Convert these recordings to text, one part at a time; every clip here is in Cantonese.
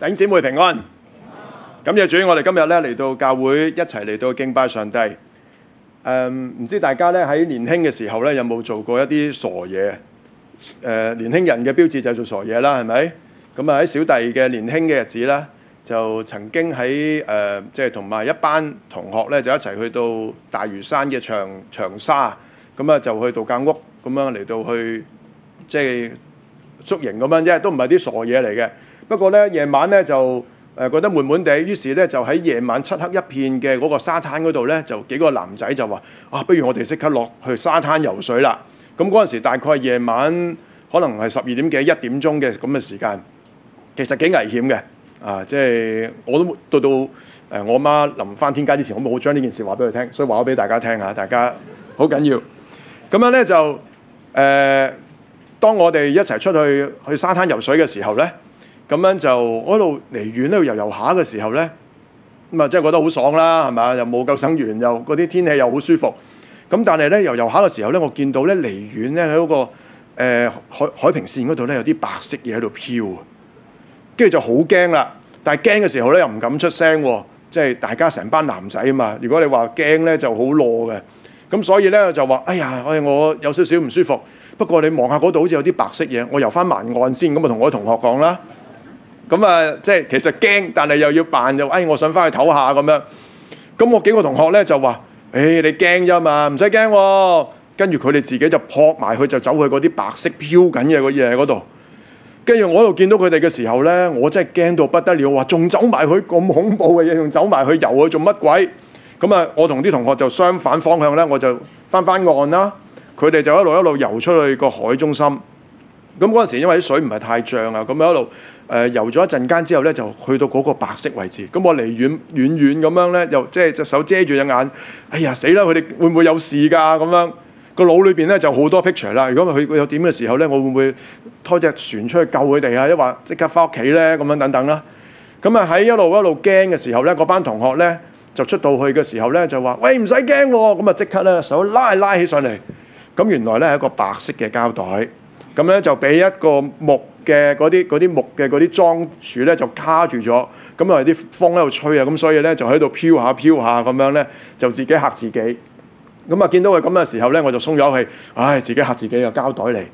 弟姐妹平安，感謝安主，我哋今日咧嚟到教會一齊嚟到敬拜上帝。誒、嗯、唔知大家咧喺年輕嘅時候咧有冇做過一啲傻嘢？誒、呃、年輕人嘅標誌就係做傻嘢啦，係咪？咁啊喺小弟嘅年輕嘅日子咧，就曾經喺誒即係同埋一班同學咧就一齊去到大嶼山嘅長長沙，咁啊就去度假屋咁樣嚟到去即係、就是、宿營咁樣啫，都唔係啲傻嘢嚟嘅。不過咧，夜晚咧就誒、呃、覺得悶悶地，於是咧就喺夜晚漆黑一片嘅嗰個沙灘嗰度咧，就幾個男仔就話啊，不如我哋即刻落去沙灘游水啦。咁嗰陣時大概夜晚可能係十二點幾一點鐘嘅咁嘅時間，其實幾危險嘅啊！即、就、係、是、我都到到誒、呃、我媽臨返天家之前，我冇將呢件事話俾佢聽，所以話咗俾大家聽下，大家好緊要咁樣咧就誒、呃，當我哋一齊出去去沙灘游水嘅時候咧。咁樣就嗰度離遠度遊遊下嘅時候咧，咁啊即係覺得好爽啦，係咪？又冇救生員，又嗰啲天氣又好舒服。咁但係咧遊遊下嘅時候咧，我見到咧離遠咧喺嗰個、呃、海海平線嗰度咧有啲白色嘢喺度漂，跟住就好驚啦。但係驚嘅時候咧又唔敢出聲、啊，即係大家成班男仔啊嘛。如果你話驚咧就好懦嘅。咁所以咧就話：哎呀，我有少少唔舒服。不過你望下嗰度好似有啲白色嘢，我遊翻埋岸先。咁啊同我同學講啦。咁啊，即係其實驚，但係又要扮就，哎，我想翻去唞下咁樣。咁我幾個同學咧就話：誒、哎，你驚啫嘛，唔使驚。跟住佢哋自己就撲埋去，就走去嗰啲白色飄緊嘅個嘢嗰度。跟住我喺度見到佢哋嘅時候咧，我真係驚到不得了，哇，仲走埋去咁恐怖嘅嘢，仲走埋去游去，做乜鬼？咁啊，我同啲同學就相反方向咧，我就翻翻岸啦。佢哋就一路一路游出去個海中心。咁嗰陣時，因為啲水唔係太漲啊，咁樣一路誒游咗一陣間之後咧，就去到嗰個白色位置。咁我離遠遠遠咁樣咧，又即係隻手遮住隻眼。哎呀，死啦！佢哋會唔會有事㗎？咁樣個腦裏邊咧就好多 picture 啦。如果佢佢有點嘅時候咧，我會唔會拖隻船出去救佢哋啊？一話即刻返屋企咧，咁樣等等啦。咁啊喺一路一路驚嘅時候咧，嗰班同學咧就出到去嘅時候咧就話：喂，唔使驚喎！咁啊即刻咧手拉拉起上嚟。咁原來咧係一個白色嘅膠袋。咁咧就俾一個木嘅嗰啲嗰啲木嘅嗰啲樁柱咧就卡住咗，咁啊啲風喺度吹啊，咁所以咧就喺度飄下飄下咁樣咧就自己嚇自己。咁啊見到佢咁嘅時候咧，我就鬆咗氣，唉，自己嚇自己，個膠袋嚟。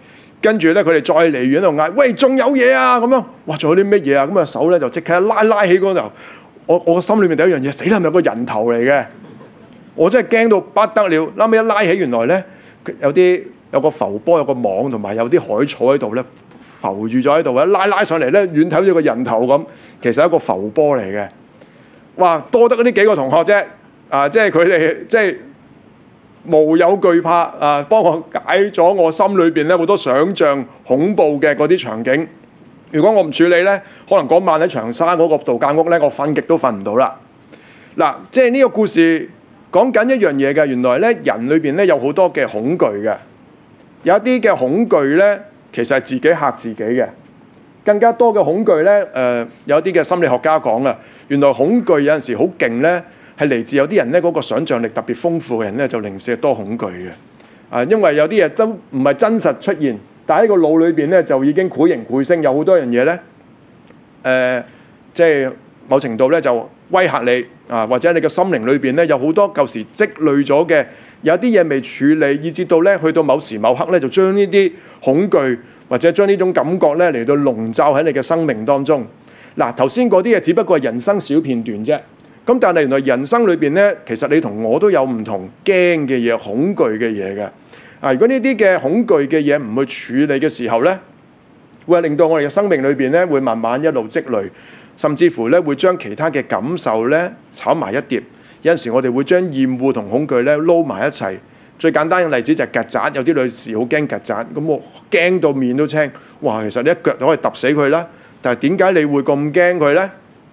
跟住咧佢哋再離遠度嗌：喂，仲有嘢啊！咁樣，哇，仲有啲乜嘢啊？咁啊手咧就即刻拉拉起嗰頭，我我心裏面第一樣嘢，死啦，係咪有個人頭嚟嘅，我真係驚到不得了。拉尾一拉起原來咧有啲。有個浮波，有個網，同埋有啲海草喺度咧，浮住咗喺度。一拉拉上嚟咧，遠睇好似個人頭咁，其實係一個浮波嚟嘅。哇，多得呢啲幾個同學啫，啊，即係佢哋即係無有懼怕啊，幫我解咗我心裏邊咧好多想象恐怖嘅嗰啲場景。如果我唔處理咧，可能嗰晚喺長山嗰個度假屋咧，我瞓極都瞓唔到啦。嗱，啊，即係呢個故事講緊一樣嘢嘅，原來咧人裏邊咧有好多嘅恐懼嘅。有一啲嘅恐懼咧，其實係自己嚇自己嘅。更加多嘅恐懼咧，誒、呃、有啲嘅心理學家講啊，原來恐懼有陣時好勁咧，係嚟自有啲人咧嗰、那個想像力特別豐富嘅人咧，就零舍多恐懼嘅。啊、呃，因為有啲嘢都唔係真實出現，但係呢個腦裏邊咧就已經繪形繪聲，有好多樣嘢咧，誒、呃、即係。某程度咧就威嚇你啊，或者你嘅心靈裏邊咧有好多舊時積累咗嘅，有啲嘢未處理，以致到咧去到某時某刻咧就將呢啲恐懼或者將呢種感覺咧嚟到籠罩喺你嘅生命當中。嗱、啊，頭先嗰啲嘢只不過係人生小片段啫。咁但係原來人生裏邊咧，其實你同我都有唔同驚嘅嘢、恐懼嘅嘢嘅。啊，如果呢啲嘅恐懼嘅嘢唔去處理嘅時候咧，會令到我哋嘅生命裏邊咧會慢慢一路積累。甚至乎咧，會將其他嘅感受咧炒埋一碟。有陣時我哋會將厭惡同恐懼咧撈埋一齊。最簡單嘅例子就係曱甴，有啲女士好驚曱甴，咁我驚到面都青。哇，其實你一腳就可以揼死佢啦。但係點解你會咁驚佢咧？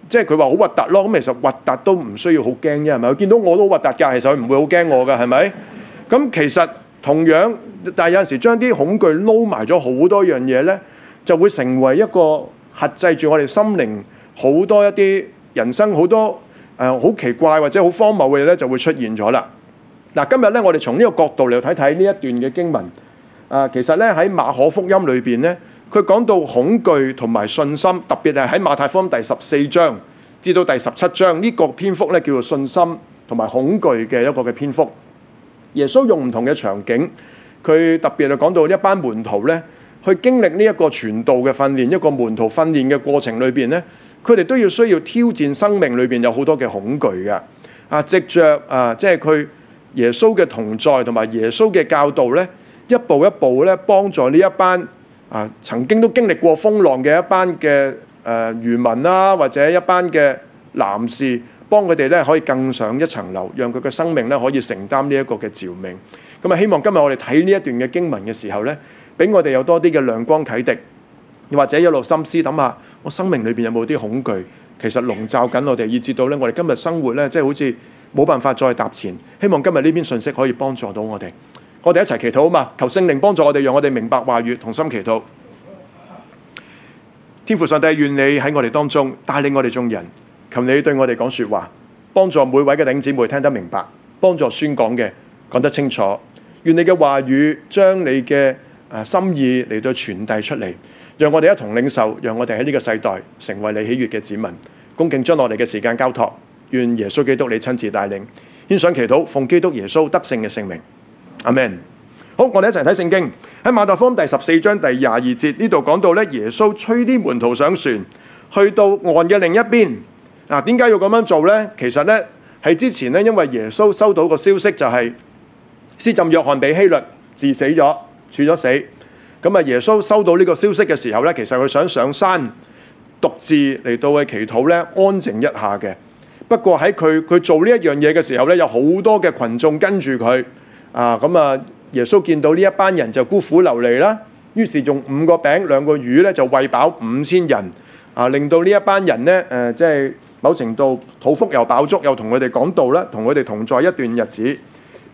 即係佢話好核突咯。咁其實核突都唔需要好驚啫，係咪？見到我都好核突㗎，其實佢唔會好驚我㗎，係咪？咁其實同樣，但係有陣時將啲恐懼撈埋咗好多樣嘢咧，就會成為一個克制住我哋心靈。好多一啲人生好多誒好、呃、奇怪或者好荒謬嘅嘢咧就會出現咗啦。嗱，今日咧我哋從呢個角度嚟睇睇呢一段嘅經文。啊、呃，其實咧喺馬可福音裏邊咧，佢講到恐懼同埋信心，特別係喺馬太福音第十四章至到第十七章呢、呢個篇幅咧叫做信心同埋恐懼嘅一個嘅篇幅。耶穌用唔同嘅場景，佢特別係講到一班門徒咧去經歷呢一個傳道嘅訓練，一、個門徒訓練嘅過程裏邊咧。佢哋都要需要挑戰生命裏邊有好多嘅恐懼嘅、啊，啊，藉著啊，即係佢耶穌嘅同在同埋耶穌嘅教導咧，一步一步咧幫助呢一班啊曾經都經歷過風浪嘅一班嘅誒漁民啦、啊，或者一班嘅男士，幫佢哋咧可以更上一層樓，讓佢嘅生命咧可以承擔呢一個嘅召命。咁、嗯、啊，希望今日我哋睇呢一段嘅經文嘅時候咧，俾我哋有多啲嘅亮光啟迪。或者一路心思諗下，我生命裏邊有冇啲恐懼？其實籠罩緊我哋，以至到咧，我哋今日生活咧，即係好似冇辦法再踏前。希望今日呢篇信息可以幫助到我哋，我哋一齊祈禱啊！嘛，求聖靈幫助我哋，讓我哋明白話語，同心祈禱。天父上帝，願你喺我哋當中帶領我哋眾人，求你對我哋講說話，幫助每位嘅領姊妹聽得明白，幫助宣講嘅講得清楚。願你嘅話語將你嘅誒心意嚟到傳遞出嚟。讓我哋一同領受，讓我哋喺呢個世代成為你喜悅嘅子民，恭敬將我哋嘅時間交託，願耶穌基督你親自帶領。獻上祈禱，奉基督耶穌得勝嘅聖名，阿門。好，我哋一齊睇聖經喺馬太福音第十四章第廿二節呢度講到咧，耶穌催啲門徒上船，去到岸嘅另一邊。嗱、啊，點解要咁樣做呢？其實呢，係之前呢，因為耶穌收到個消息就係施浸約翰被希律治死咗，處咗死。咁啊，耶穌收到呢個消息嘅時候呢，其實佢想上山獨自嚟到去祈禱咧，安靜一下嘅。不過喺佢佢做呢一樣嘢嘅時候呢，有好多嘅群眾跟住佢啊。咁、嗯、啊，耶穌見到呢一班人就孤苦流離啦，於是用五個餅兩個魚呢就餵飽五千人啊，令到呢一班人呢，誒、呃，即係某程度肚腹又飽足，又同佢哋講道啦，同佢哋同在一段日子。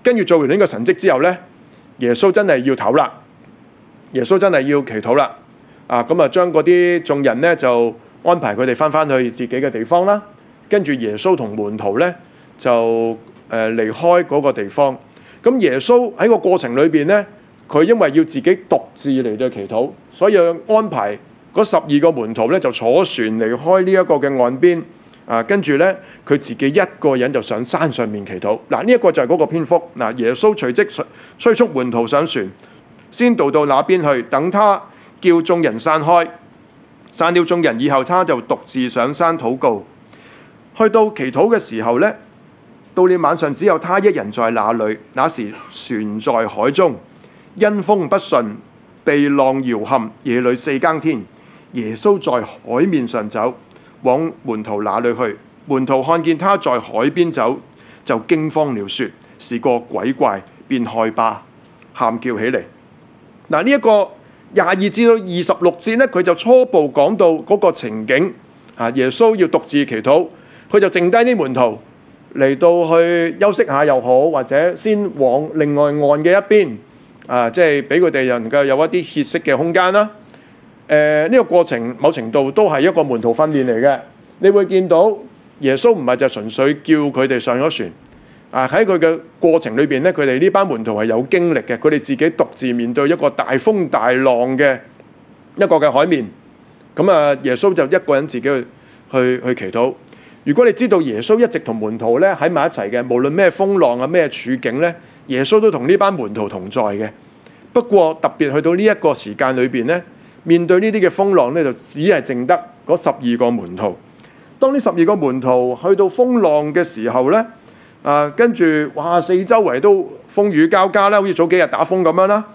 跟住做完呢個神蹟之後呢，耶穌真係要唞啦。耶穌真係要祈禱啦，啊咁啊將嗰啲眾人咧就安排佢哋翻翻去自己嘅地方啦，跟住耶穌同門徒咧就誒離開嗰個地方。咁耶穌喺個過程裏邊咧，佢因為要自己獨自嚟到祈禱，所以安排嗰十二個門徒咧就坐船離開呢一個嘅岸邊，啊跟住咧佢自己一個人就上山上面祈禱。嗱呢一個就係嗰個篇幅。嗱耶穌隨即催促門徒上船，先渡到那邊去，等他叫眾人散開，散了眾人以後，他就獨自上山禱告。去到祈禱嘅時候呢，到了晚上只有他一人在那裏。那時船在海中，因風不順，被浪搖撼，夜裏四更天，耶穌在海面上走，往門徒那裏去。門徒看見他在海邊走，就驚慌了，說：是個鬼怪，便害怕，喊叫起嚟。嗱，呢一個廿二至到二十六節咧，佢就初步講到嗰個情景，啊，耶穌要獨自祈禱，佢就剩低啲門徒嚟到去休息下又好，或者先往另外岸嘅一邊，啊，即係俾佢哋能夠有一啲歇息嘅空間啦。誒、啊、呢、呢個過程某程度都係一個門徒訓練嚟嘅，你會見到耶穌唔係就純粹叫佢哋上咗船。啊！喺佢嘅過程裏邊咧，佢哋呢班門徒係有經歷嘅。佢哋自己獨自面對一個大風大浪嘅一個嘅海面。咁啊，耶穌就一個人自己去去祈禱。如果你知道耶穌一直同門徒咧喺埋一齊嘅，無論咩風浪啊咩處境咧，耶穌都同呢班門徒同在嘅。不過特別去到呢一個時間裏邊咧，面對呢啲嘅風浪咧，就只係剩得嗰十二個門徒。當呢十二個門徒去到風浪嘅時候咧。啊，跟住哇，四周圍都風雨交加啦，好似早幾日打風咁樣啦。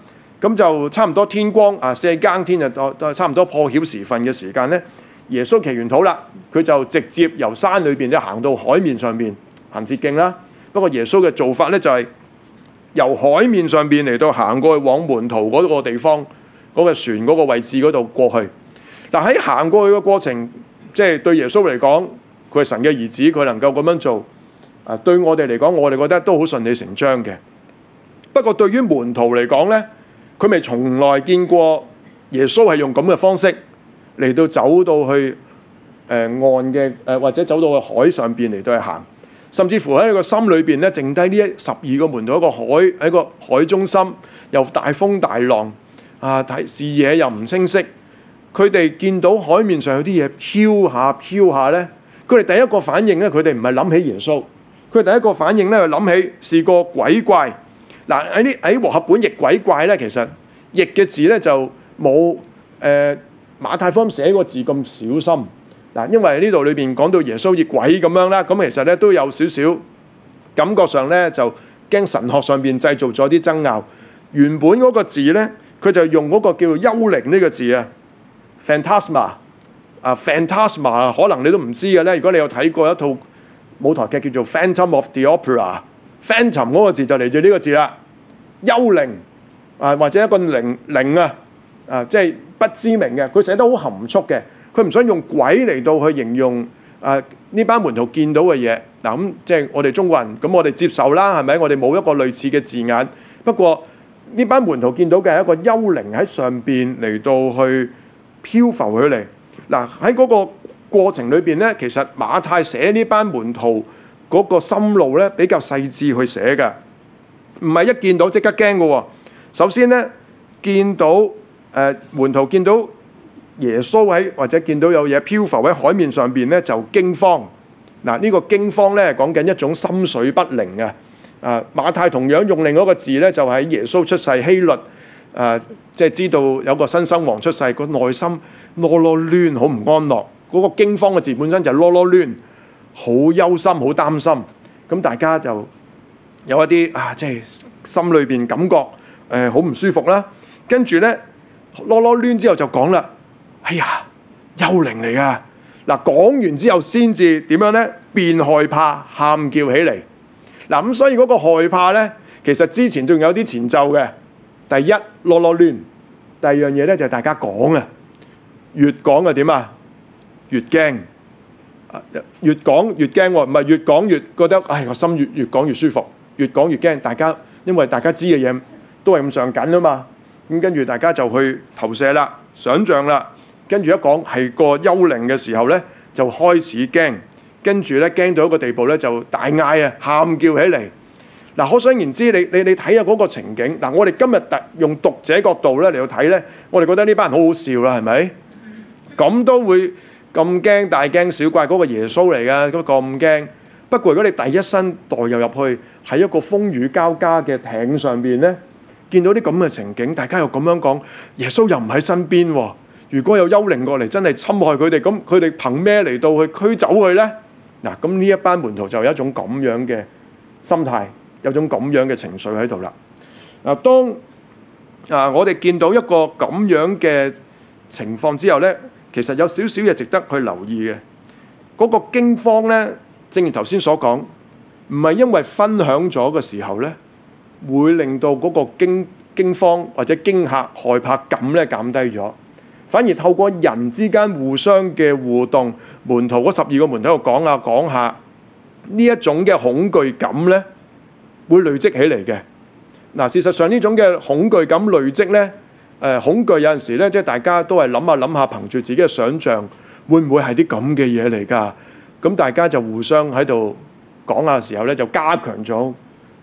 咁就差唔多天光啊，四更天就、啊、差唔多破曉時分嘅時間咧。耶穌祈完禱啦，佢就直接由山裏邊就行到海面上面行捷徑啦。不過耶穌嘅做法咧就係、是、由海面上邊嚟到行過去往門徒嗰個地方嗰、那個船嗰個位置嗰度過去。但喺行過去嘅過程，即、就、係、是、對耶穌嚟講，佢係神嘅兒子，佢能夠咁樣做。啊！對我哋嚟講，我哋覺得都好順理成章嘅。不過對於門徒嚟講咧，佢咪從來見過耶穌係用咁嘅方式嚟到走到去誒、呃、岸嘅誒、呃，或者走到去海上邊嚟到去行。甚至乎喺佢個心裏邊咧，剩低呢一十二個門徒，一個海，喺個海中心，又大風大浪啊！睇視野又唔清晰。佢哋見到海面上有啲嘢漂下漂下咧，佢哋第一個反應咧，佢哋唔係諗起耶穌。佢第一個反應咧，佢諗起是個鬼怪。嗱喺呢喺和合本譯鬼怪咧，其實譯嘅字咧就冇誒馬太福音寫個字咁小心。嗱，因為呢度裏邊講到耶穌似鬼咁樣啦，咁其實咧都有少少感覺上咧就驚神學上邊製造咗啲爭拗。原本嗰個字咧，佢就用嗰個叫做幽靈呢個字啊，phantasma 啊 phantasma，可能你都唔知嘅咧。如果你有睇過一套。舞台劇叫做《Phantom of the Opera》，Phantom 嗰個字就嚟自呢個字啦，幽靈啊或者一個靈靈啊啊，即係不知名嘅。佢寫得好含蓄嘅，佢唔想用鬼嚟到去形容啊呢班門徒見到嘅嘢。嗱咁即係我哋中國人，咁我哋接受啦，係咪？我哋冇一個類似嘅字眼。不過呢班門徒見到嘅係一個幽靈喺上邊嚟到去漂浮起嚟。嗱喺嗰個過程裏邊咧，其實馬太寫呢班門徒嗰個心路咧，比較細緻去寫嘅，唔係一見到即刻驚嘅。首先咧，見到誒、呃、門徒見到耶穌喺或者見到有嘢漂浮喺海面上邊咧，就驚慌。嗱，這個、驚呢個驚慌咧，講緊一種心水不寧嘅。啊、呃，馬太同樣用另外一個字咧，就喺、是、耶穌出世希律，誒、呃、即係知道有個新生王出世，個內心囉囉攣，好唔安樂。嗰個驚慌嘅字本身就囉囉攣，好憂心，好擔心。咁大家就有一啲啊，即係心裏邊感覺誒好唔舒服啦。跟住咧，囉囉攣之後就講啦，哎呀，幽靈嚟㗎嗱。講完之後先至點樣咧？變害怕，喊叫起嚟嗱。咁所以嗰個害怕咧，其實之前仲有啲前奏嘅。第一，囉囉攣，第二樣嘢咧就係大家講啊，越講就點啊？越驚，越講越驚，唔係越講越覺得，哎我心越越講越舒服，越講越驚。大家因為大家知嘅嘢都係咁上緊啊嘛，咁跟住大家就去投射啦、想象啦，跟住一講係個幽靈嘅時候咧，就開始驚，跟住咧驚到一個地步咧就大嗌啊、喊叫起嚟。嗱，可想而知，你你你睇下嗰個情景。嗱，我哋今日用讀者角度咧嚟到睇咧，我哋覺得呢班人好好笑啦，係咪？咁都會。咁驚大驚小怪嗰個耶穌嚟噶，咁驚。不過如果你第一身代入入去，喺一個風雨交加嘅艇上邊呢，見到啲咁嘅情景，大家又咁樣講，耶穌又唔喺身邊喎。如果有幽靈過嚟，真係侵害佢哋，咁佢哋憑咩嚟到去驅走佢呢？嗱，咁呢一班門徒就有一種咁樣嘅心態，有種咁樣嘅情緒喺度啦。嗱，當啊我哋見到一個咁樣嘅情況之後呢。其實有少少嘢值得去留意嘅，嗰個驚慌咧，正如頭先所講，唔係因為分享咗嘅時候咧，會令到嗰個驚驚慌或者驚嚇害怕感咧減低咗，反而透過人之間互相嘅互動，門徒嗰十二個門徒喺度講下講下，呢一種嘅恐懼感咧，會累積起嚟嘅。嗱，事實上呢種嘅恐懼感累積咧。誒恐懼有陣時咧，即係大家都係諗下諗下，憑住自己嘅想像，會唔會係啲咁嘅嘢嚟㗎？咁大家就互相喺度講下時候咧，就加強咗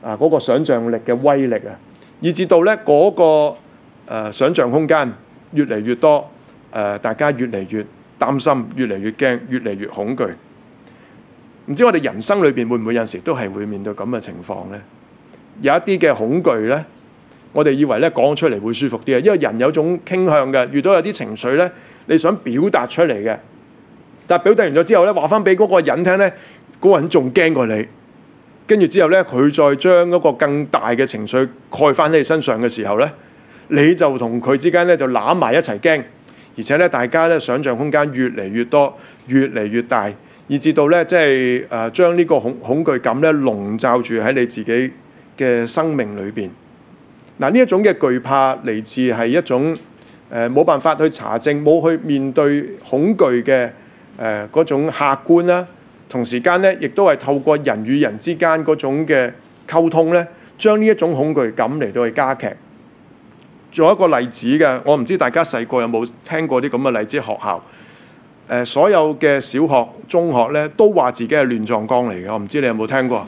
啊嗰個想像力嘅威力啊，以至到咧嗰個想像空間越嚟越多，誒大家越嚟越擔心，越嚟越驚，越嚟越恐懼。唔知我哋人生裏邊會唔會有陣時都係會面對咁嘅情況咧？有一啲嘅恐懼咧。我哋以為咧講出嚟會舒服啲啊，因為人有種傾向嘅，遇到有啲情緒咧，你想表達出嚟嘅，但表達完咗之後咧，話翻俾嗰個人聽咧，嗰、那個人仲驚過你，跟住之後咧，佢再將嗰個更大嘅情緒蓋翻喺你身上嘅時候咧，你就同佢之間咧就攬埋一齊驚，而且咧大家咧想像空間越嚟越多，越嚟越大，以至到咧即係誒將呢、就是呃、個恐恐懼感咧籠罩住喺你自己嘅生命裏邊。嗱，呢一種嘅懼怕嚟自係一種誒冇辦法去查證，冇去面對恐懼嘅誒嗰種客觀啦、啊。同時間咧，亦都係透過人與人之間嗰種嘅溝通咧，將呢一種恐懼感嚟到去加劇。仲有一個例子嘅，我唔知大家細個有冇聽過啲咁嘅例子，學校誒、呃、所有嘅小學、中學咧都話自己係亂葬崗嚟嘅，我唔知你有冇聽過。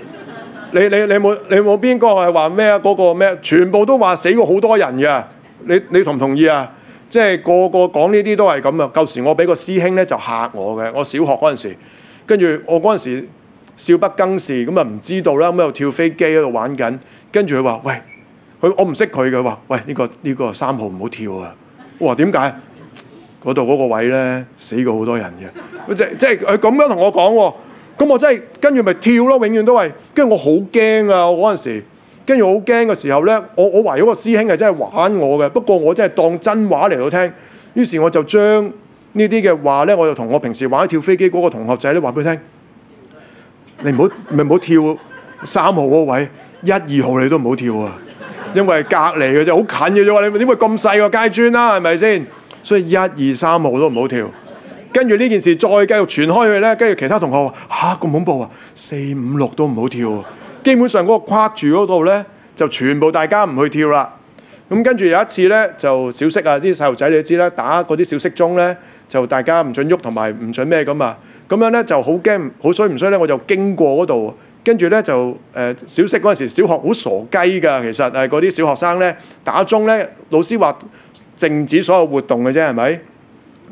你你你冇你冇邊個係話咩啊？嗰個咩？全部都話死過好多人嘅。你你同唔同意啊？即係個個講呢啲都係咁啊！舊時我俾個師兄咧就嚇我嘅。我小學嗰陣時，跟住我嗰陣時少不更事，咁啊唔知道啦。咁喺度跳飛機喺度玩緊，跟住佢話：喂，佢我唔識佢嘅話，喂，呢個呢個三號唔好跳啊！我話點解？嗰度嗰個位咧死過好多人嘅。即即係佢咁樣同我講。咁我真係跟住咪跳咯，永遠都係。跟住我好驚啊！我嗰陣時，跟住好驚嘅時候咧，我我懷疑個師兄係真係玩我嘅。不過我真係當真話嚟到聽。於是我就將呢啲嘅話咧，我就同我平時玩跳飛機嗰個同學仔咧話俾佢聽：你唔好，你唔好跳三號嗰位，一二號你都唔好跳啊！因為隔離嘅啫，好近嘅啫喎。你點會咁細個階磚啦、啊？係咪先？所以一二三號都唔好跳。跟住呢件事再繼續傳開去呢。跟住其他同學話吓，咁、啊、恐怖啊，四五六都唔好跳啊！基本上嗰個框住嗰度呢，就全部大家唔去跳啦。咁跟住有一次呢，就小息啊，啲細路仔你知啦，打嗰啲小息鐘呢，就大家唔准喐同埋唔准咩咁啊。咁樣呢就好驚，好衰唔衰呢？我就經過嗰度，跟住呢，就誒、呃、小息嗰陣時，小學好傻雞㗎，其實係嗰啲小學生呢，打鐘呢，老師話靜止所有活動嘅啫，係咪？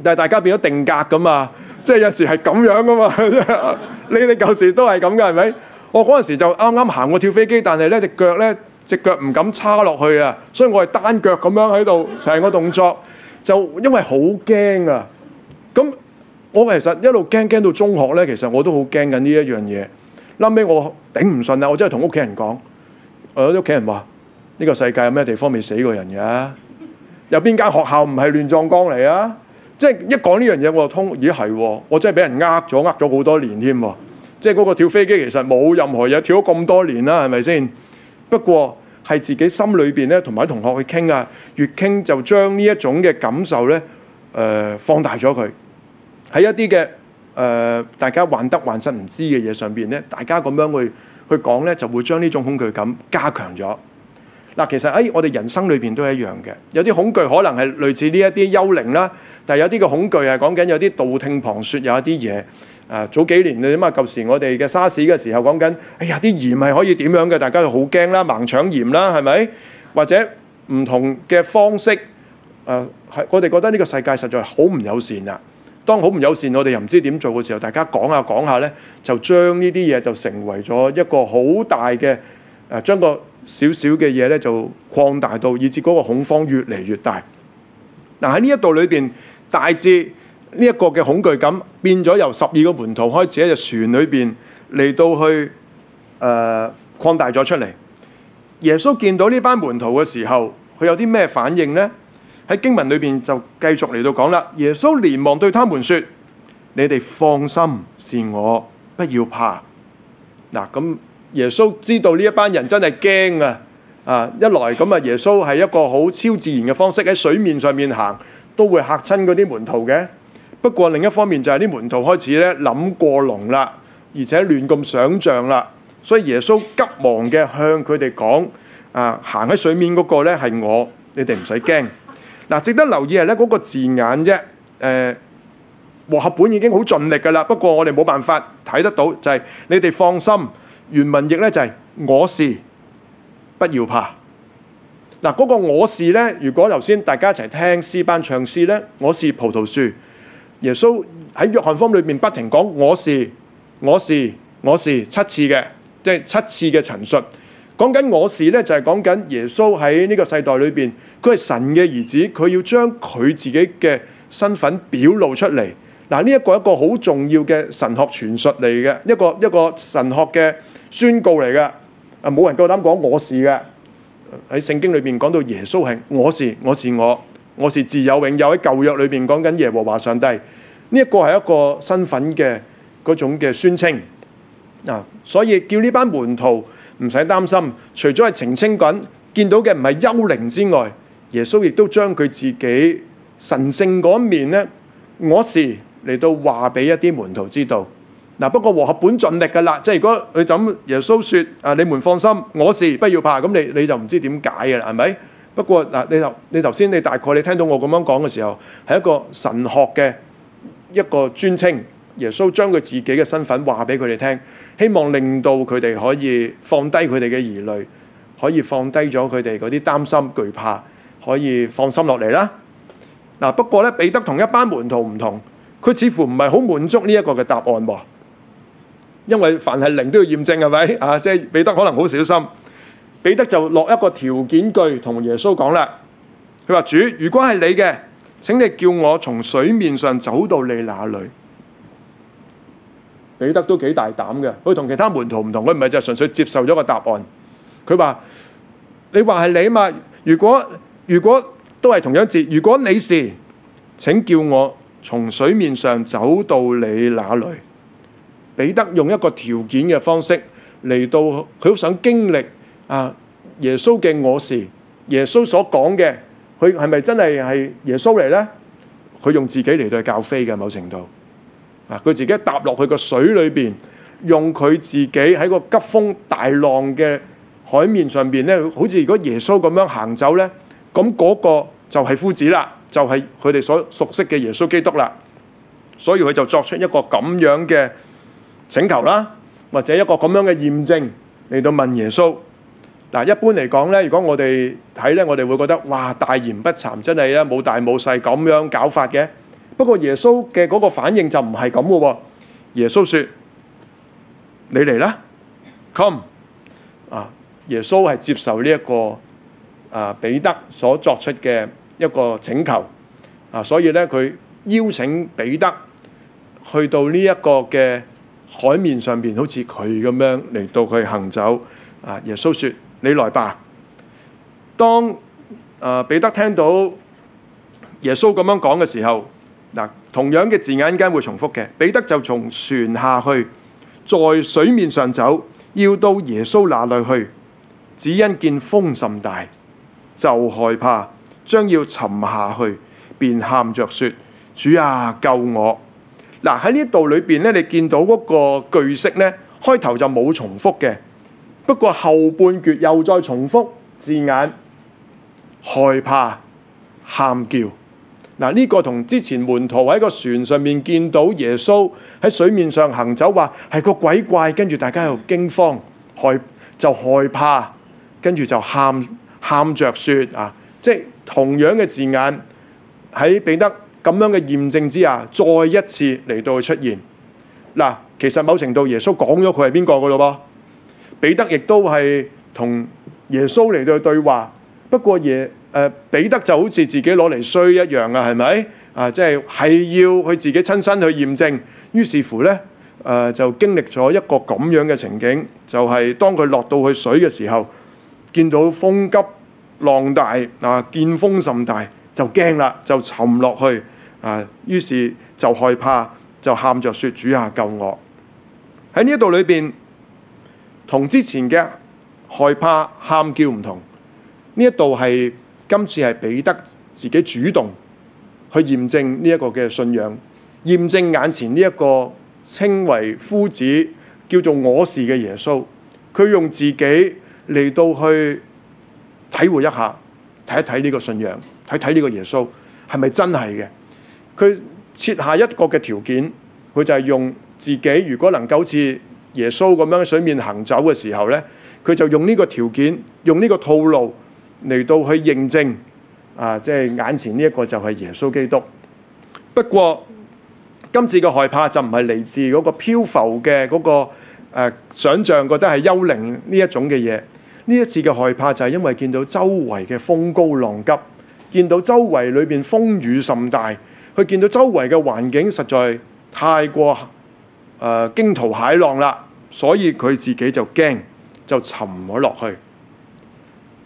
但係大家變咗定格噶嘛？即係有時係咁樣噶嘛？ 你哋舊時都係咁噶，係咪？我嗰陣時就啱啱行過跳飛機，但係咧隻腳咧隻腳唔敢叉落去啊，所以我係單腳咁樣喺度，成個動作就因為好驚啊！咁我其實一路驚驚到中學咧，其實我都好驚緊呢一樣嘢。後尾我頂唔順啦，我真係同屋企人講。誒、呃，屋企人話：呢、呢個世界有咩地方未死過人嘅？有邊間學校唔係亂葬崗嚟啊？即係一講呢樣嘢，我就通，咦係喎，我真係俾人呃咗，呃咗好多年添喎。即係嗰個跳飛機，其實冇任何嘢，跳咗咁多年啦，係咪先？不過係自己心裏邊咧，同埋同學去傾啊，越傾就將呢一種嘅感受咧，誒、呃、放大咗佢。喺一啲嘅誒，大家患得患失唔知嘅嘢上邊咧，大家咁樣去去講咧，就會將呢種恐懼感加強咗。嗱，其實誒，我哋人生裏邊都係一樣嘅，有啲恐懼可能係類似呢一啲幽靈啦，但係有啲嘅恐懼係講緊有啲道聽旁説，有一啲嘢。誒，早幾年你諗下舊時我哋嘅沙士嘅時候，講緊，哎呀，啲鹽係可以點樣嘅，大家就好驚啦，盲搶鹽啦，係咪？或者唔同嘅方式，誒係我哋覺得呢個世界實在好唔友善呀。當好唔友善，我哋又唔知點做嘅時候，大家講下講下咧，就將呢啲嘢就成為咗一個好大嘅誒，將個。少少嘅嘢咧，小小就擴大到，以至嗰個恐慌越嚟越大。嗱喺呢一度裏邊，大致呢一個嘅恐懼感變咗由十二個門徒開始喺隻船裏邊嚟到去誒擴、呃、大咗出嚟。耶穌見到呢班門徒嘅時候，佢有啲咩反應呢？喺經文裏邊就繼續嚟到講啦。耶穌連忙對他們説：你哋放心，是我，不要怕。嗱、啊、咁。耶穌知道呢一班人真係驚啊！啊，一來咁啊，耶穌係一個好超自然嘅方式喺水面上面行，都會嚇親嗰啲門徒嘅。不過另一方面就係啲門徒開始咧諗過龍啦，而且亂咁想像啦，所以耶穌急忙嘅向佢哋講：啊，行喺水面嗰個咧係我，你哋唔使驚。嗱，值得留意係咧嗰個字眼啫。誒，和合本已經好盡力㗎啦，不過我哋冇辦法睇得到，就係你哋放心。原文譯咧就係、是、我是不要怕。嗱，嗰、那個我是咧，如果頭先大家一齊聽詩班唱詩咧，我是葡萄樹。耶穌喺約翰福音裏邊不停講我是、我是、我是七，是七次嘅，即係七次嘅陳述。講緊我是咧，就係講緊耶穌喺呢個世代裏邊佢係神嘅兒子，佢要將佢自己嘅身份表露出嚟。嗱，呢一個一個好重要嘅神學傳述嚟嘅，一個一個神學嘅宣告嚟嘅，啊冇人夠膽講我是嘅。喺聖經裏邊講到耶穌係我是，我是我，我是自有永有。喺舊約裏邊講緊耶和華上帝，呢、這、一個係一個身份嘅嗰種嘅宣稱。嗱、啊，所以叫呢班門徒唔使擔心，除咗係澄清緊見到嘅唔係幽靈之外，耶穌亦都將佢自己神聖嗰面咧，我是。嚟到話俾一啲門徒知道，嗱、啊、不過和合本盡力噶啦，即係如果佢就咁耶穌説啊，你們放心，我是不要怕，咁你你就唔知點解嘅啦，係咪？不過嗱、啊，你頭你頭先你大概你聽到我咁樣講嘅時候，係一個神學嘅一個專稱，耶穌將佢自己嘅身份話俾佢哋聽，希望令到佢哋可以放低佢哋嘅疑慮，可以放低咗佢哋嗰啲擔心、懼怕，可以放心落嚟啦。嗱、啊、不過咧，彼得同一班門徒唔同。佢似乎唔係好滿足呢一個嘅答案喎，因為凡係靈都要驗證係咪啊？即係彼得可能好小心，彼得就落一個條件句同耶穌講啦。佢話：主，如果係你嘅，請你叫我從水面上走到你那裡。彼得都幾大膽嘅，佢同其他門徒唔同，佢唔係就純粹接受咗個答案。佢話：你話係你嘛？如果如果都係同樣字，如果你是，請叫我。從水面上走到你那裡，彼得用一個條件嘅方式嚟到，佢好想經歷啊耶穌嘅我事，耶穌所講嘅，佢係咪真係係耶穌嚟咧？佢用自己嚟到去教飛嘅某程度，啊佢自己踏落去個水裏邊，用佢自己喺個急風大浪嘅海面上邊咧，好似如果耶穌咁樣行走咧，咁嗰個就係夫子啦。就係佢哋所熟悉嘅耶穌基督啦，所以佢就作出一個咁樣嘅請求啦，或者一個咁樣嘅驗證嚟到問耶穌。嗱，一般嚟講咧，如果我哋睇咧，我哋會覺得哇，大言不慚，真係咧冇大冇細咁樣搞法嘅。不過耶穌嘅嗰個反應就唔係咁嘅喎。耶穌說：你嚟啦，Come 啊！耶穌係接受呢一個啊彼得所作出嘅。一個請求啊，所以咧佢邀請彼得去到呢一個嘅海面上邊，好似佢咁樣嚟到去行走啊。耶穌說：你來吧。當啊彼得聽到耶穌咁樣講嘅時候，嗱，同樣嘅字眼間會重複嘅。彼得就從船下去，在水面上走，要到耶穌那裏去，只因見風甚大，就害怕。將要沉下去，便喊着說：主啊，救我！嗱喺呢度裏邊咧，你見到嗰個句式咧，開頭就冇重複嘅，不過後半橛又再重複字眼，害怕、喊叫。嗱呢個同之前門徒喺個船上面見到耶穌喺水面上行走，話係個鬼怪，跟住大家又驚慌、害就害怕，跟住就喊喊着說啊，即係。同樣嘅字眼喺彼得咁樣嘅驗證之下，再一次嚟到去出現。嗱，其實某程度耶穌講咗佢係邊個㗎咯噃，彼得亦都係同耶穌嚟到去對話。不過耶誒彼得就好似自己攞嚟衰一樣啊，係咪啊？即係係要佢自己親身去驗證。於是乎咧，誒就經歷咗一個咁樣嘅情景，就係當佢落到去水嘅時候，見到風急。浪大啊，見風甚大就驚啦，就沉落去啊，於是就害怕，就喊着說，主啊救我！喺呢一度裏邊，同之前嘅害怕喊叫唔同，呢一度係今次係彼得自己主動去驗證呢一個嘅信仰，驗證眼前呢一個稱為夫子、叫做我是嘅耶穌，佢用自己嚟到去。體會一下，睇一睇呢個信仰，睇睇呢個耶穌係咪真係嘅？佢設下一個嘅條件，佢就係用自己如果能夠似耶穌咁樣喺水面行走嘅時候咧，佢就用呢個條件，用呢個套路嚟到去認證啊、呃，即係眼前呢一個就係耶穌基督。不過今次嘅害怕就唔係嚟自嗰個漂浮嘅嗰、嗰個、呃、想象，覺得係幽靈呢一種嘅嘢。呢一次嘅害怕就係因為見到周圍嘅風高浪急，見到周圍裏邊風雨甚大，佢見到周圍嘅環境實在太過誒驚濤駭浪啦，所以佢自己就驚，就沉咗落去。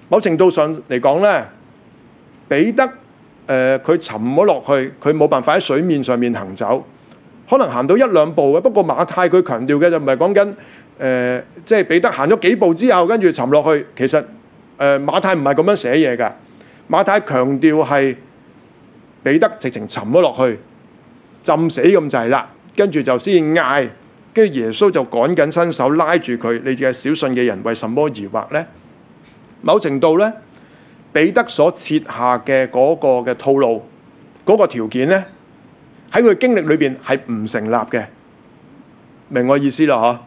某程度上嚟講呢，彼得誒佢沉咗落去，佢冇辦法喺水面上面行走，可能行到一兩步嘅。不過馬太佢強調嘅就唔係講緊。誒、呃，即係彼得行咗幾步之後，跟住沉落去。其實誒、呃，馬太唔係咁樣寫嘢㗎。馬太強調係彼得直情沉咗落去，浸死咁滯啦。跟住就先嗌，跟住耶穌就趕緊伸手拉住佢。你哋小信嘅人，為什麼疑惑呢？某程度咧，彼得所設下嘅嗰個嘅套路，嗰、那個條件咧，喺佢經歷裏邊係唔成立嘅。明我意思啦，嗬、啊？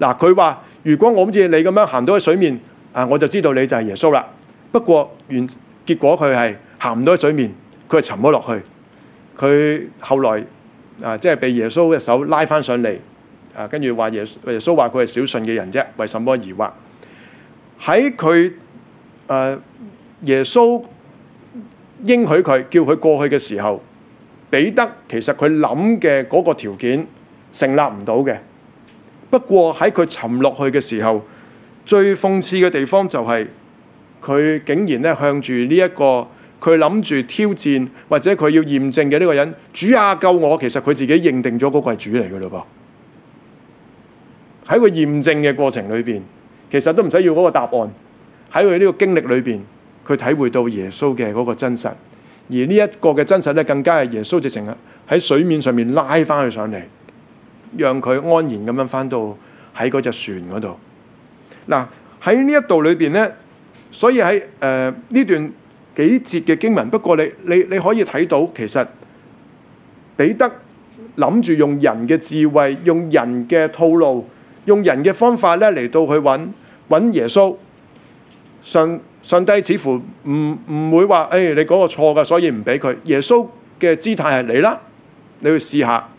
嗱，佢話如果我好似你咁樣行到去水面，啊，我就知道你就係耶穌啦。不過完，結果佢係行唔到去水面，佢係沉咗落去。佢後來啊，即係被耶穌嘅手拉翻上嚟，啊，跟住話耶穌，耶穌話佢係小信嘅人啫，為什麼疑惑？喺佢誒，耶穌應許佢叫佢過去嘅時候，彼得其實佢諗嘅嗰個條件成立唔到嘅。不過喺佢沉落去嘅時候，最諷刺嘅地方就係、是、佢竟然咧向住呢一個佢諗住挑戰或者佢要驗證嘅呢個人，主啊救我！其實佢自己認定咗嗰個係主嚟嘅嘞噃。喺佢驗證嘅過程裏邊，其實都唔使要嗰個答案。喺佢呢個經歷裏邊，佢體會到耶穌嘅嗰個真實。而呢一個嘅真實咧，更加係耶穌直情喺水面上面拉翻佢上嚟。讓佢安然咁樣翻到喺嗰隻船嗰度。嗱，喺呢一度裏邊咧，所以喺誒呢段幾節嘅經文，不過你你你可以睇到，其實彼得諗住用人嘅智慧、用人嘅套路、用人嘅方法咧嚟到去揾揾耶穌。上上帝似乎唔唔會話誒、哎、你嗰個錯㗎，所以唔俾佢。耶穌嘅姿態係你啦，你去試下。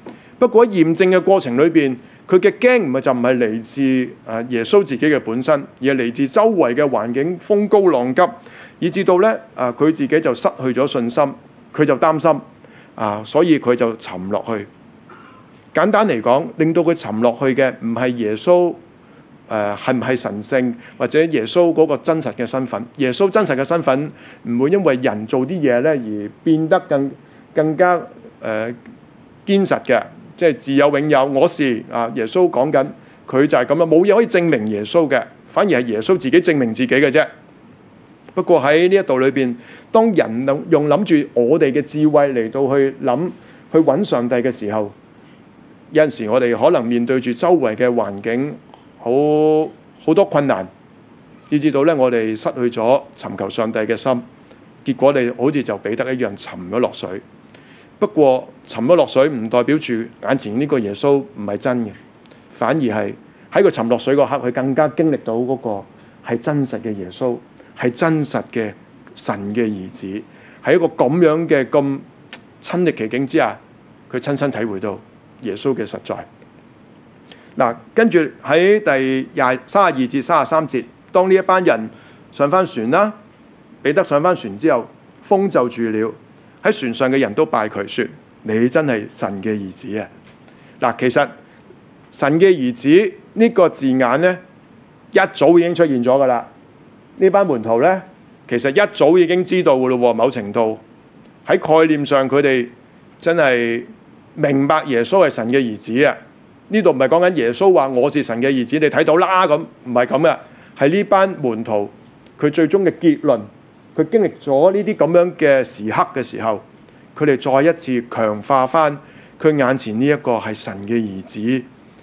不過喺驗證嘅過程裏邊，佢嘅驚唔係就唔係嚟自啊耶穌自己嘅本身，而係嚟自周圍嘅環境風高浪急，以至到咧啊佢自己就失去咗信心，佢就擔心啊，所以佢就沉落去。簡單嚟講，令到佢沉落去嘅唔係耶穌，誒係唔係神聖或者耶穌嗰個真實嘅身份？耶穌真實嘅身份唔會因為人做啲嘢咧而變得更更加誒堅實嘅。即係自有永有，我是啊耶穌講緊，佢就係咁啦，冇嘢可以證明耶穌嘅，反而係耶穌自己證明自己嘅啫。不過喺呢一度裏邊，當人用諗住我哋嘅智慧嚟到去諗去揾上帝嘅時候，有陣時我哋可能面對住周圍嘅環境，好好多困難，以致到呢，我哋失去咗尋求上帝嘅心，結果你好似就彼得一樣沉咗落水。不過沉咗落水唔代表住眼前呢個耶穌唔係真嘅，反而係喺佢沉落水嗰刻，佢更加經歷到嗰個係真實嘅耶穌，係真實嘅神嘅兒子，喺一個咁樣嘅咁親歷其境之下，佢親身體會到耶穌嘅實在。嗱，跟住，喺第廿三十二至三十三節，當呢一班人上翻船啦，彼得上翻船之後，風就住了。喺船上嘅人都拜佢，說你真係神嘅兒子啊！嗱，其實神嘅兒子呢個字眼咧，一早已經出現咗噶啦。呢班門徒咧，其實一早已經知道噶咯。某程度喺概念上，佢哋真係明白耶穌係神嘅兒子啊！呢度唔係講緊耶穌話我是神嘅兒子，你睇到啦咁，唔係咁嘅，係呢班門徒佢最終嘅結論。佢經歷咗呢啲咁樣嘅時刻嘅時候，佢哋再一次強化翻佢眼前呢一個係神嘅兒子，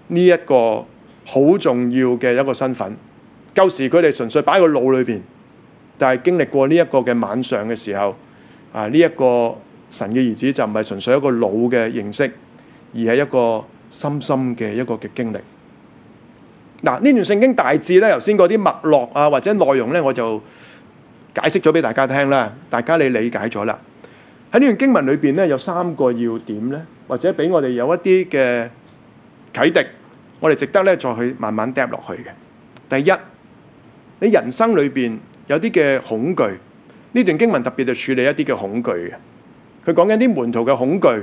呢、這、一個好重要嘅一個身份。舊時佢哋純粹擺喺個腦裏邊，但係經歷過呢一個嘅晚上嘅時候，啊呢一、這個神嘅兒子就唔係純粹一個腦嘅認識，而係一個深深嘅一個嘅經歷。嗱呢段聖經大致咧，頭先嗰啲脈絡啊或者內容咧，我就。解釋咗俾大家聽啦，大家你理解咗啦。喺呢段經文裏邊咧，有三個要點咧，或者俾我哋有一啲嘅啟迪，我哋值得咧再去慢慢揼落去嘅。第一，你人生裏邊有啲嘅恐懼，呢段經文特別就處理一啲嘅恐懼嘅。佢講緊啲門徒嘅恐懼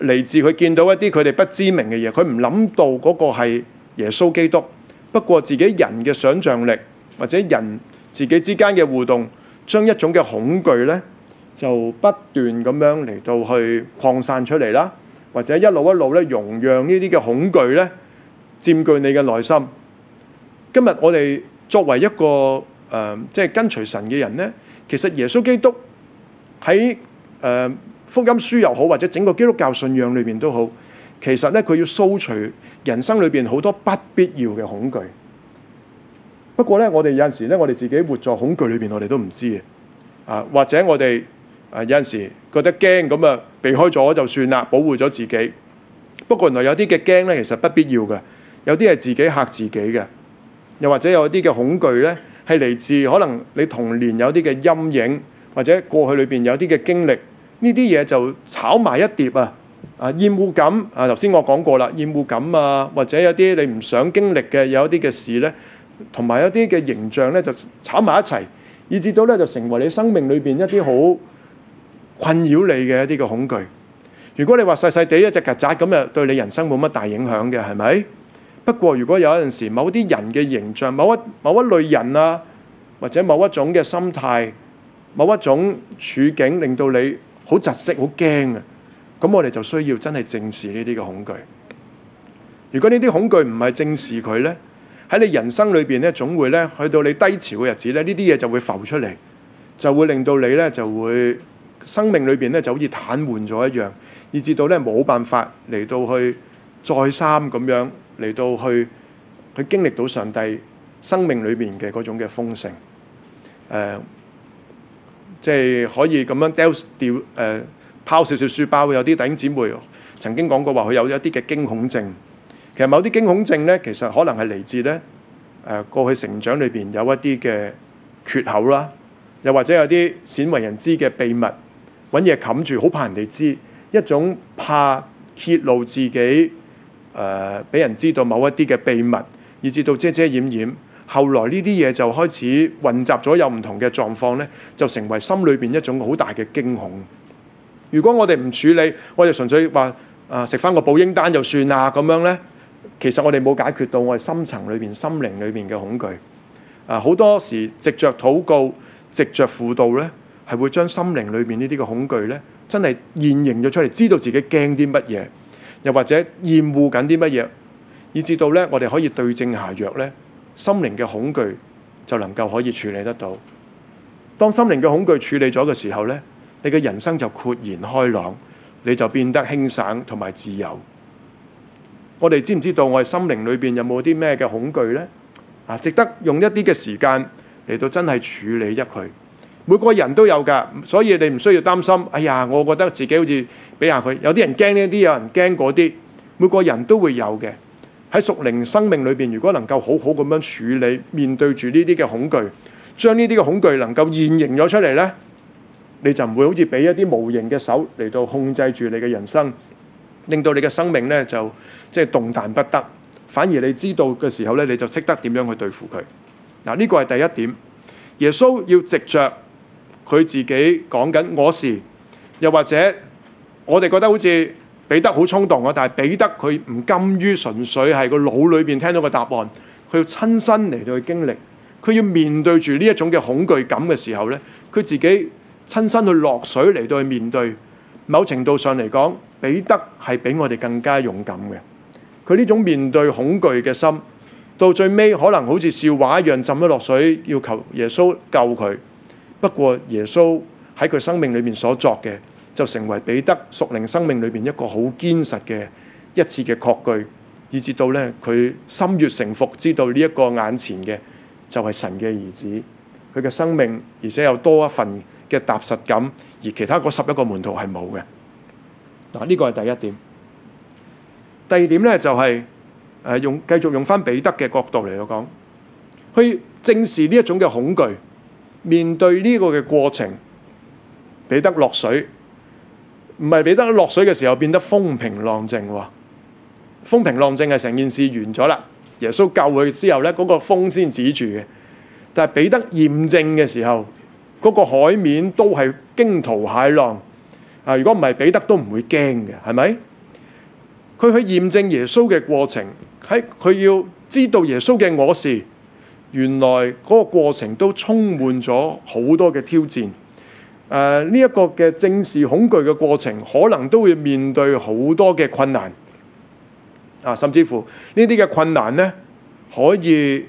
嚟自佢見到一啲佢哋不知名嘅嘢，佢唔諗到嗰個係耶穌基督，不過自己人嘅想像力或者人。自己之間嘅互動，將一種嘅恐懼咧，就不斷咁樣嚟到去擴散出嚟啦，或者一路一路咧容讓呢啲嘅恐懼咧佔據你嘅內心。今日我哋作為一個誒，即係跟隨神嘅人咧，其實耶穌基督喺誒福音書又好，或者整個基督教信仰裏邊都好，其實咧佢要掃除人生裏邊好多不必要嘅恐懼。不過咧，我哋有陣時咧，我哋自己活在恐懼裏邊，我哋都唔知嘅。啊，或者我哋啊有陣時覺得驚咁啊，就避開咗就算啦，保護咗自己。不過原來有啲嘅驚咧，其實不必要嘅，有啲係自己嚇自己嘅。又或者有啲嘅恐懼咧，係嚟自可能你童年有啲嘅陰影，或者過去裏邊有啲嘅經歷。呢啲嘢就炒埋一碟啊！啊，厭惡感啊，頭先我講過啦，厭惡感啊，或者有啲你唔想經歷嘅，有一啲嘅事咧。同埋一啲嘅形象咧，就炒埋一齊，以至到咧就成為你生命裏邊一啲好困擾你嘅一啲嘅恐懼。如果你話細細地一隻曱甴咁，就對你人生冇乜大影響嘅，係咪？不過如果有一陣時，某啲人嘅形象，某一某一類人啊，或者某一種嘅心態，某一種處境，令到你好窒息、好驚啊，咁我哋就需要真係正視呢啲嘅恐懼。如果呢啲恐懼唔係正視佢咧？喺你人生裏邊咧，總會咧去到你低潮嘅日子咧，呢啲嘢就會浮出嚟，就會令到你咧就會生命裏邊咧就好似癱瘓咗一樣，以致到咧冇辦法嚟到去再三咁樣嚟到去去經歷到上帝生命裏邊嘅嗰種嘅豐盛，誒、呃，即、就、係、是、可以咁樣掉誒拋少少書包，有啲弟兄姊妹曾經講過話，佢有一啲嘅驚恐症。其實某啲驚恐症咧，其實可能係嚟自咧誒、呃、過去成長裏邊有一啲嘅缺口啦，又或者有啲鮮為人知嘅秘密，揾嘢冚住，好怕人哋知，一種怕揭露自己誒俾、呃、人知道某一啲嘅秘密，以至到遮遮掩掩，後來呢啲嘢就開始混雜咗，有唔同嘅狀況咧，就成為心裏邊一種好大嘅驚恐。如果我哋唔處理，我哋純粹話啊食翻個保嬰丹就算啦咁樣咧。其實我哋冇解決到我哋深層裏面、心靈裏面嘅恐懼。啊，好多時藉著禱告、藉著輔導咧，係會將心靈裏面呢啲嘅恐懼咧，真係現形咗出嚟，知道自己驚啲乜嘢，又或者厭惡緊啲乜嘢，以至到咧我哋可以對症下藥咧，心靈嘅恐懼就能夠可以處理得到。當心靈嘅恐懼處理咗嘅時候咧，你嘅人生就豁然開朗，你就變得輕省同埋自由。我哋知唔知道我哋心靈裏邊有冇啲咩嘅恐懼呢？啊，值得用一啲嘅時間嚟到真係處理一佢。每個人都有噶，所以你唔需要擔心。哎呀，我覺得自己好似俾下佢。有啲人驚呢啲，有人驚嗰啲。每個人都會有嘅。喺屬靈生命裏邊，如果能夠好好咁樣處理，面對住呢啲嘅恐懼，將呢啲嘅恐懼能夠現形咗出嚟呢，你就唔會好似俾一啲無形嘅手嚟到控制住你嘅人生。令到你嘅生命咧就即係、就是、動彈不得，反而你知道嘅時候咧，你就識得點樣去對付佢。嗱，呢、這個係第一點。耶穌要直着，佢自己講緊我是，又或者我哋覺得好似彼得好衝動啊，但係彼得佢唔甘於純粹係個腦裏邊聽到個答案，佢要親身嚟到去經歷，佢要面對住呢一種嘅恐懼感嘅時候咧，佢自己親身去落水嚟到去面對。某程度上嚟講，彼得係比我哋更加勇敢嘅。佢呢種面對恐懼嘅心，到最尾可能好似笑話一樣浸咗落水，要求耶穌救佢。不過耶穌喺佢生命裏邊所作嘅，就成為彼得屬靈生命裏邊一個好堅實嘅一次嘅確據，以至到咧佢心悅誠服，知道呢一個眼前嘅就係神嘅兒子，佢嘅生命而且又多一份。嘅踏實感，而其他嗰十一個門徒係冇嘅。嗱，呢個係第一點。第二點咧就係、是、誒，用繼續用翻彼得嘅角度嚟講，去正視呢一種嘅恐懼，面對呢個嘅過程。彼得落水，唔係彼得落水嘅時候變得風平浪靜喎。哦。風平浪靜係成件事完咗啦。耶穌教佢之後咧，嗰、那個風先止住嘅。但係彼得驗證嘅時候，嗰個海面都係驚濤駭浪啊！如果唔係彼得都唔會驚嘅，係咪？佢去驗證耶穌嘅過程，喺佢要知道耶穌嘅我是。原來嗰個過程都充滿咗好多嘅挑戰。誒、啊、呢一個嘅正視恐懼嘅過程，可能都會面對好多嘅困難啊！甚至乎呢啲嘅困難咧，可以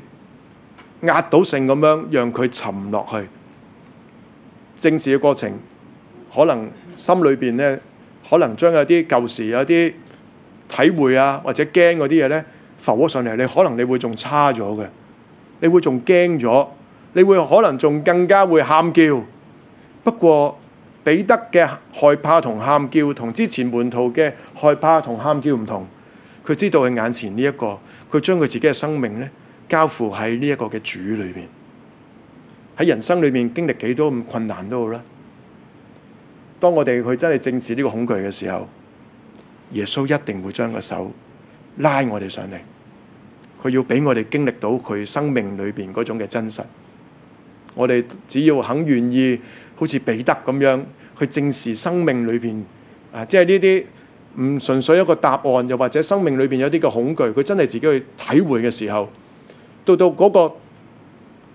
壓倒性咁樣讓佢沉落去。正視嘅過程，可能心裏邊咧，可能將有啲舊時有啲體會啊，或者驚嗰啲嘢咧浮咗上嚟，你可能你會仲差咗嘅，你會仲驚咗，你會可能仲更加會喊叫。不過彼得嘅害怕同喊叫同之前門徒嘅害怕同喊叫唔同，佢知道佢眼前呢一個，佢將佢自己嘅生命咧交付喺呢一個嘅主裏邊。喺人生裏面經歷幾多咁困難都好啦，當我哋去真係正視呢個恐懼嘅時候，耶穌一定會將個手拉我哋上嚟。佢要畀我哋經歷到佢生命裏邊嗰種嘅真實。我哋只要肯願意，好似彼得咁樣去正視生命裏邊啊，即係呢啲唔純粹一個答案，又或者生命裏邊有啲嘅恐懼，佢真係自己去體會嘅時候，到到嗰個。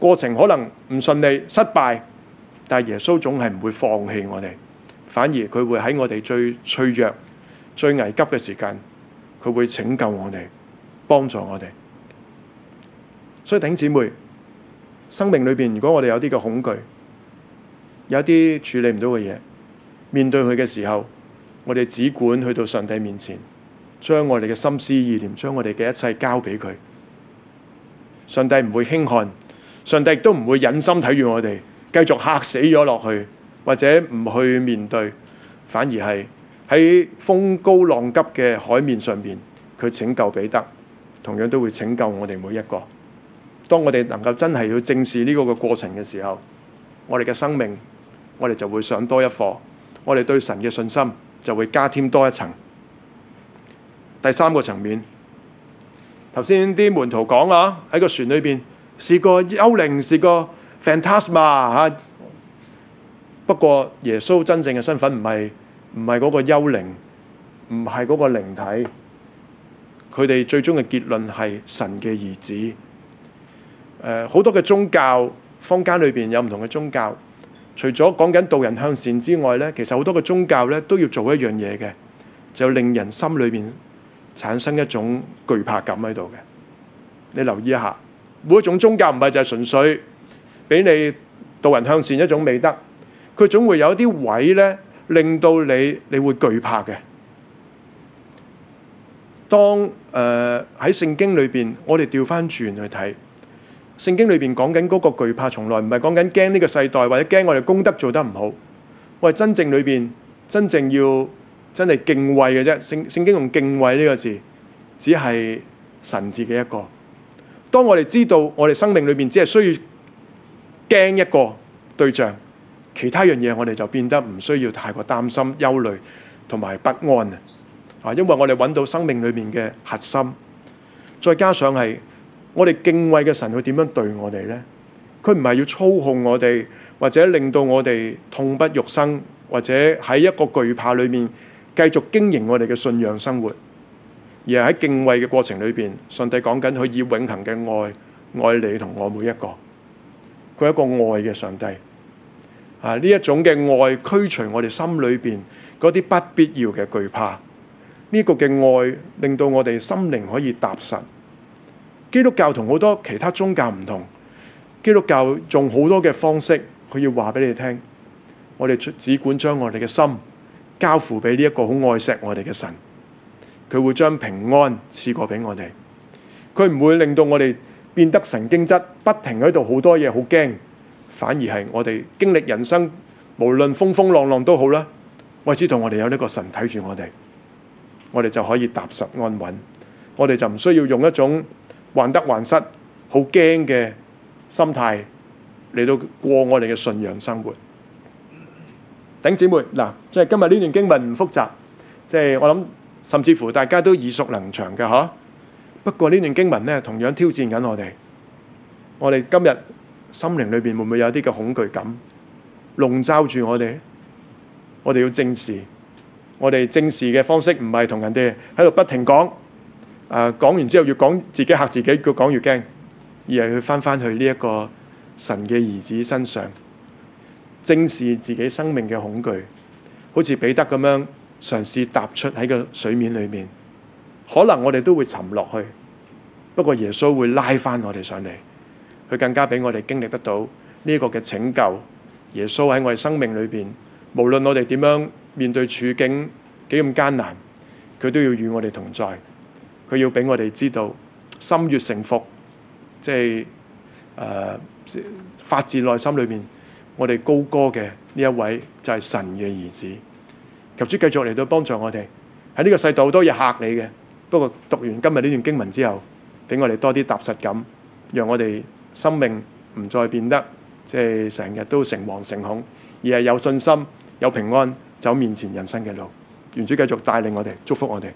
過程可能唔順利、失敗，但耶穌總係唔會放棄我哋，反而佢會喺我哋最脆弱、最危急嘅時間，佢會拯救我哋、幫助我哋。所以弟兄姊妹，生命裏邊如果我哋有啲嘅恐懼，有啲處理唔到嘅嘢，面對佢嘅時候，我哋只管去到上帝面前，將我哋嘅心思意念，將我哋嘅一切交俾佢，上帝唔會輕看。上帝都唔會忍心睇住我哋繼續嚇死咗落去，或者唔去面對，反而係喺風高浪急嘅海面上面，佢拯救彼得，同樣都會拯救我哋每一個。當我哋能夠真係要正視呢個嘅過程嘅時候，我哋嘅生命，我哋就會上多一課，我哋對神嘅信心就會加添多一層。第三個層面，頭先啲門徒講啊，喺個船裏邊。是個幽靈，是個 fantasma 吓、啊。不過耶穌真正嘅身份唔係唔係嗰個幽靈，唔係嗰個靈體。佢哋最終嘅結論係神嘅兒子。呃、好多嘅宗教坊間裏面有唔同嘅宗教，除咗講緊導人向善之外呢，其實好多嘅宗教咧都要做一樣嘢嘅，就令人心裏面產生一種懼怕感喺度嘅。你留意一下。每一種宗教唔係就係純粹畀你導人向善一種美德，佢總會有一啲位咧，令到你你會懼怕嘅。當誒喺、呃、聖經裏邊，我哋調翻轉去睇，聖經裏邊講緊嗰個懼怕，從來唔係講緊驚呢個世代，或者驚我哋功德做得唔好，我哋真正裏邊真正要真係敬畏嘅啫。聖聖，聖經用敬畏呢個字，只係神字嘅一個。當我哋知道我哋生命裏面只係需要驚一個對象，其他樣嘢我哋就變得唔需要太過擔心、憂慮同埋不安啊！因為我哋揾到生命裏面嘅核心，再加上係我哋敬畏嘅神會點樣對我哋咧？佢唔係要操控我哋，或者令到我哋痛不欲生，或者喺一個懼怕裏面繼續經營我哋嘅信仰生活。而喺敬畏嘅過程裏邊，上帝講緊佢以永恆嘅愛愛你同我每一個，佢一個愛嘅上帝啊！呢一種嘅愛驅除我哋心裏邊嗰啲不必要嘅懼怕，呢、這個嘅愛令到我哋心靈可以踏實。基督教同好多其他宗教唔同，基督教用好多嘅方式，佢要話俾你聽，我哋只管將我哋嘅心交付俾呢一個好愛錫我哋嘅神。佢會將平安賜過俾我哋，佢唔會令到我哋變得神經質，不停喺度好多嘢好驚，反而係我哋經歷人生，無論風風浪浪都好啦。我知道我哋有呢個神睇住我哋，我哋就可以踏實安穩，我哋就唔需要用一種患得患失、好驚嘅心態嚟到過我哋嘅信仰生活。頂姐妹嗱，即係今日呢段經文唔複雜，即係我諗。甚至乎大家都耳熟能詳嘅，吓，不過呢段經文咧，同樣挑戰緊我哋。我哋今日心靈裏邊會唔會有啲嘅恐懼感籠罩住我哋？我哋要正視，我哋正視嘅方式唔係同人哋喺度不停講，誒、呃、講完之後越講自己嚇自己，越講越驚，而係去翻翻去呢一個神嘅兒子身上正視自己生命嘅恐懼，好似彼得咁樣。嘗試踏出喺個水面裏面，可能我哋都會沉落去。不過耶穌會拉翻我哋上嚟，佢更加俾我哋經歷得到呢個嘅拯救。耶穌喺我哋生命裏邊，無論我哋點樣面對處境幾咁艱難，佢都要與我哋同在。佢要俾我哋知道，心悅誠服，即係誒、發自內心裏面，我哋高歌嘅呢一位就係神嘅兒子。求主繼續嚟到幫助我哋，喺呢個世道都要吓你嘅。不過讀完今日呢段經文之後，俾我哋多啲踏實感，讓我哋生命唔再變得即係、就是、成日都誠惶誠恐，而係有信心、有平安走面前人生嘅路。願主繼續帶領我哋，祝福我哋。